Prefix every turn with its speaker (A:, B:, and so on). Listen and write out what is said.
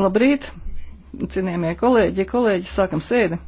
A: Labrīt, cienījamie kolēģi, kolēģi, sākam sēdi.